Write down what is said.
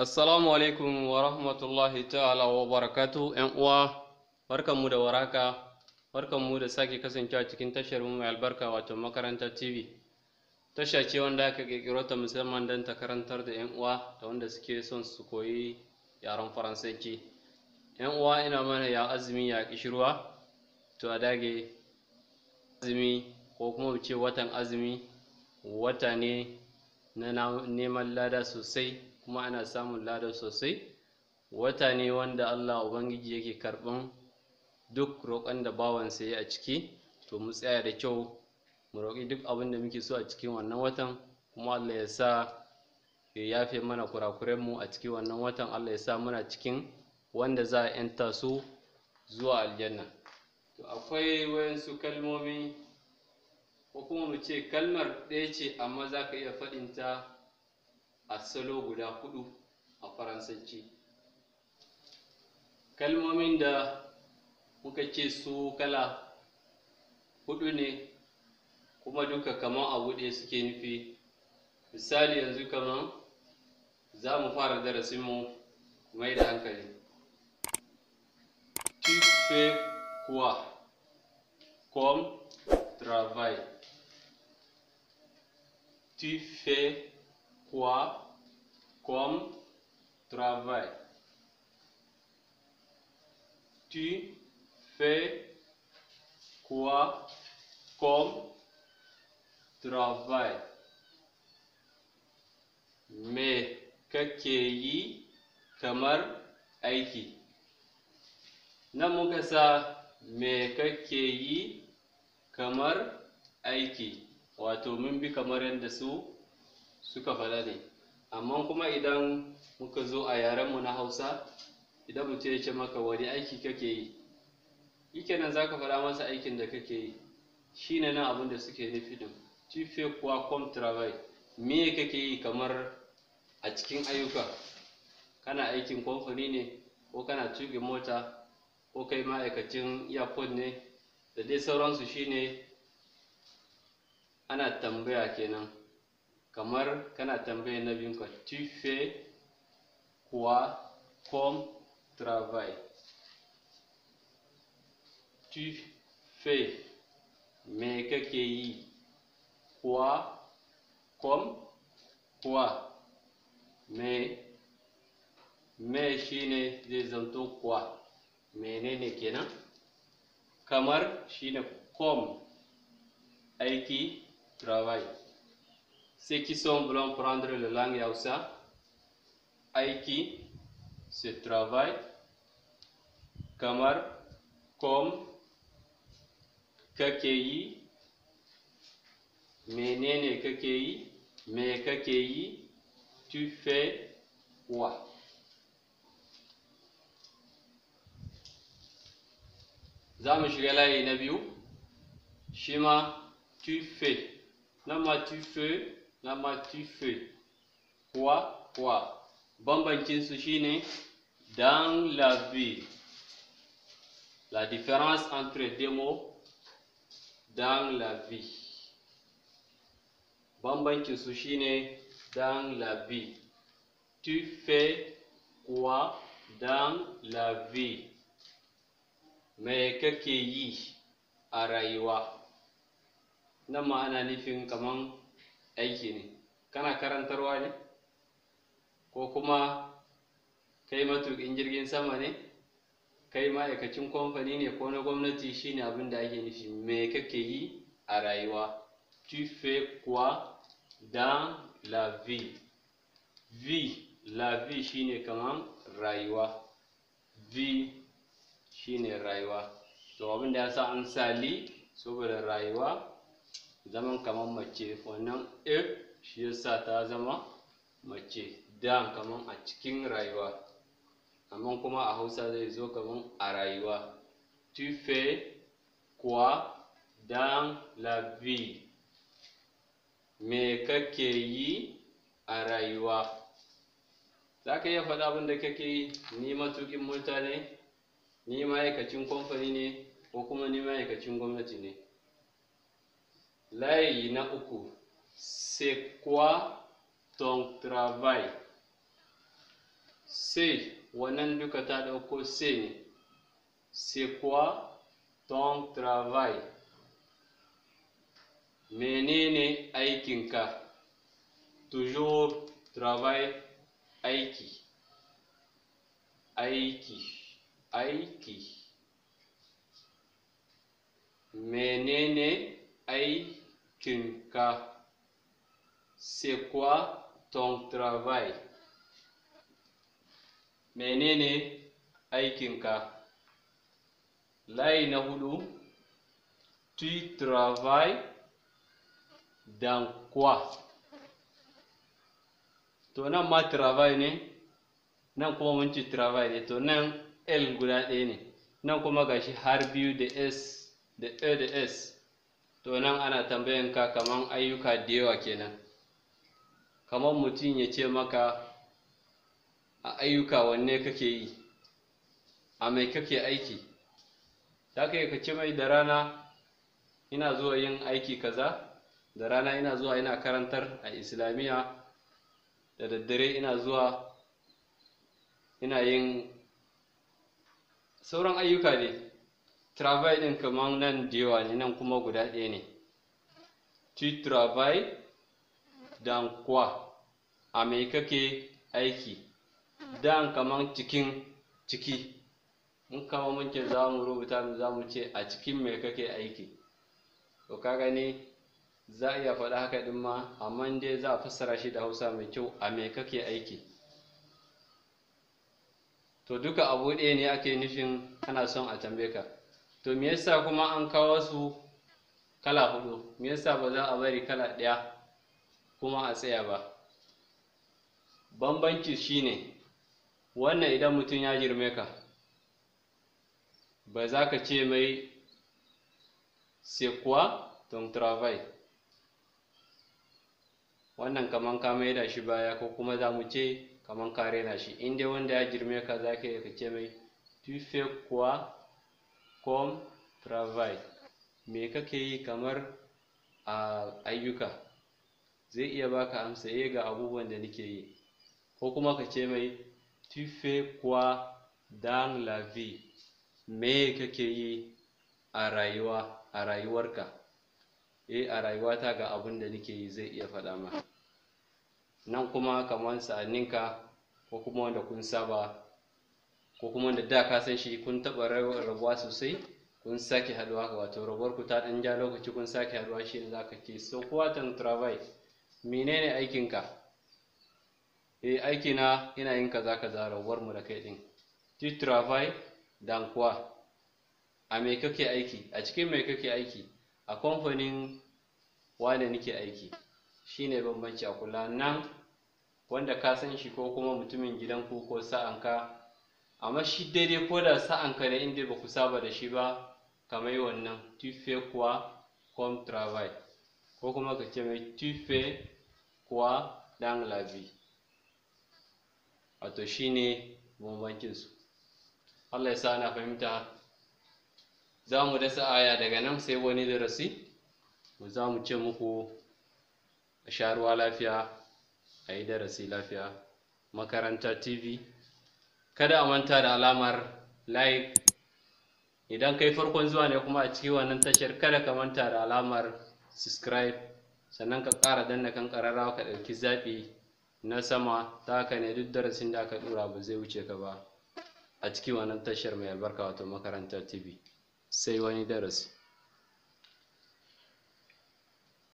Assalamu alaikum wa rahmatullahi ta'ala wa barakatu ‘yan uwa, barkanmu da waraka, barkanmu da sake kasancewa cikin tashar mu mai albarka wato makaranta TV. Tasha ce wanda aka ƙirƙiro ta musamman don ta karantar da ‘yan uwa da wanda suke son su koyi yaren Faransanci. ‘Yan uwa ina mana ya azumi ya ƙishirwa, to a dage azumi ko kuma ce watan azumi wata ne na neman lada sosai kuma ana samun lada sosai wata ne wanda Allah Ubangiji yake karɓan duk roƙon da bawansa ya a ciki to mu tsaya da kyau mu roƙi duk abin da muke so a cikin wannan watan kuma Allah ya sa ya yafe mana kurakurenmu a cikin wannan watan Allah ya sa muna cikin wanda za a 'yanta su zuwa aljanna to akwai wayansu kalmomi ko kuma mu ce kalmar ɗaya ce amma za ka iya faɗin ta a salo guda huɗu a faransanci kalmomin da muka ce su kala huɗu ne kuma duka kamar a buɗe suke nufi misali yanzu kamar za mu fara darasin mu mai da hankali tu fais quoi comme travail Tu fais quoi comme travail Tu fais quoi comme travail Mais comme un kamar aiki namu mais me kake kamar aiki wato mun bi kamar yadda su suka faɗa ne amma kuma idan muka zo a yarenmu na hausa idan mutum ya ce maka wani aiki kake yi kenan za ka faɗa masa aikin da kake yi shi ne nan abin da suke nufi din tu fais quoi comme travail me kake yi kamar a cikin ayyuka kana aikin kamfani ne ko kana tuƙin mota ko kai ma'aikacin airport ne da dai sauransu shine ana tambaya kenan kamar kana tambayar na biyun tu fais quoi comme travail tu fais me kake yi Kuwa, kom? Kuwa, me me ne zai zanto quoi menene kenan kamar shi ne kom aiki travail. Ceux qui sont voulant prendre le langue Yaoussa, Aiki, se travail. Kamar, comme, Kakei. Menene kakei. Mais kakei. tu fais quoi? za Nabiou. Shima, tu fais. biyu namatu feu namatu feu quoi? kuwa sushi shine dans la vie la différence entre deux mots dans la vie sushi shine dans la vie tu fais quoi dans la vie Mais que yi a nan ma ana nufin kaman aiki ne kana karantarwa ne ko kuma kai matuƙin jirgin sama ne kai ma'aikacin kamfani ne ko na gwamnati shine abin da ake nufi me kake yi a rayuwa tu fais quoi dans la vie vie la vie shine kaman rayuwa vie shine rayuwa to abin da ya sa an sali saboda rayuwa zaman kamar mace wannan e shi yasa ta zama mace da kamar a cikin rayuwa amma kuma a hausa zai zo kamar a rayuwa tu fais Dan la vie me kake yi a rayuwa za ka iya faɗa abin da kake yi ni matuƙin mutane, ni ma'aikacin kamfani ne ko kuma ni ma'aikacin gwamnati ne Layi na uku, c'est quoi ton travail? C'est, wannan duka ta ɗauko c'est ne. C'est quoi ton travail? Menene aikinka? Toujours travail aiki. Aiki, aiki. Menene aiki? Kinka, c'est quoi ton travail? Menene aikinka? Layi na hudu, tu travailles dans quoi? To nan ma travail ne, nan kuma mun ci travail ne, to nan L guda ɗaya ne, nan kuma gashi har biyu da S, da E da S. to nan ana tambayan ka kaman ayyuka da yawa kenan kaman mutum ya ce maka a ayyuka wanne kake yi a mai kake aiki Ta ka ka ce mai da rana ina zuwa yin aiki kaza da rana ina zuwa ina karantar a islamiyya da daddare ina zuwa ina yin sauran ayyuka ne travail ɗin kamar nan da yawa ne nan kuma guda ɗaya ne tu travail dan kwa a mai kake aiki dan kamar cikin ciki in kama muke za mu rubuta mu za mu ce a cikin mai kake aiki to ka gani za a iya faɗa haka ɗin ma amma dai za a fassara shi da hausa mai kyau a mai kake aiki to duka abu ɗaya ne ake nufin ana son a tambaye ka to me yasa kuma an kawo su kala huɗu? me yasa ba za a bari kala ɗaya kuma a tsaya ba bambanci shine wannan idan mutum ya girme ka ba za ka ce mai c'est quoi ton travail wannan kaman ka da shi baya ko kuma za mu ce kaman ka rena shi in dai wanda ya girme ka za ka ce mai tu fais com travail. Me kake yi kamar a ayyuka? Zai iya baka amsa eh ga abubuwan da nake yi. Ko kuma ka ce mai tu fais quoi dans la vie? Me kake yi a rayuwa a rayuwarka? Eh a rayuwata ga abun da nake yi zai iya faɗa ma. Nan kuma kamar sa'anninka ko kuma wanda kun saba ko kuma da da ka san shi kun taɓa rabuwa sosai kun sake haduwa ga wato rabuwar ku ta ɗan ja lokaci kun sake haduwa shi ne za ka ce so tan travel menene aikinka eh aikina ina yin kaza kaza rabuwar mu da kai din ti travel dan kuwa a me kake aiki a cikin me kake aiki a kamfanin wane nake aiki shine bambanci a kula nan wanda ka san shi ko kuma mutumin gidanku ko sa'anka amma shi daidai ko da sa'an ka ne inda ba ku saba da shi ba kamar wannan tufe kuwa kom travail ko kuma ka ce mai tufe kuwa dan labi wato shine bambancin su Allah ya sa ana fahimta za mu dasa aya daga nan sai wani darasi mu za mu ce muku a sha ruwa lafiya a yi darasi lafiya makaranta tv kada a manta da alamar like idan kai farkon zuwa ne kuma a cikin wannan tashar kada ka manta da alamar subscribe sannan ka ƙara danna kan ƙararrawa ka ɗauki zaɓi na sama ta haka ne duk darasin da aka ɗora ba zai wuce ka ba a cikin wannan tashar mai albarka wato makarantar tv sai wani darasi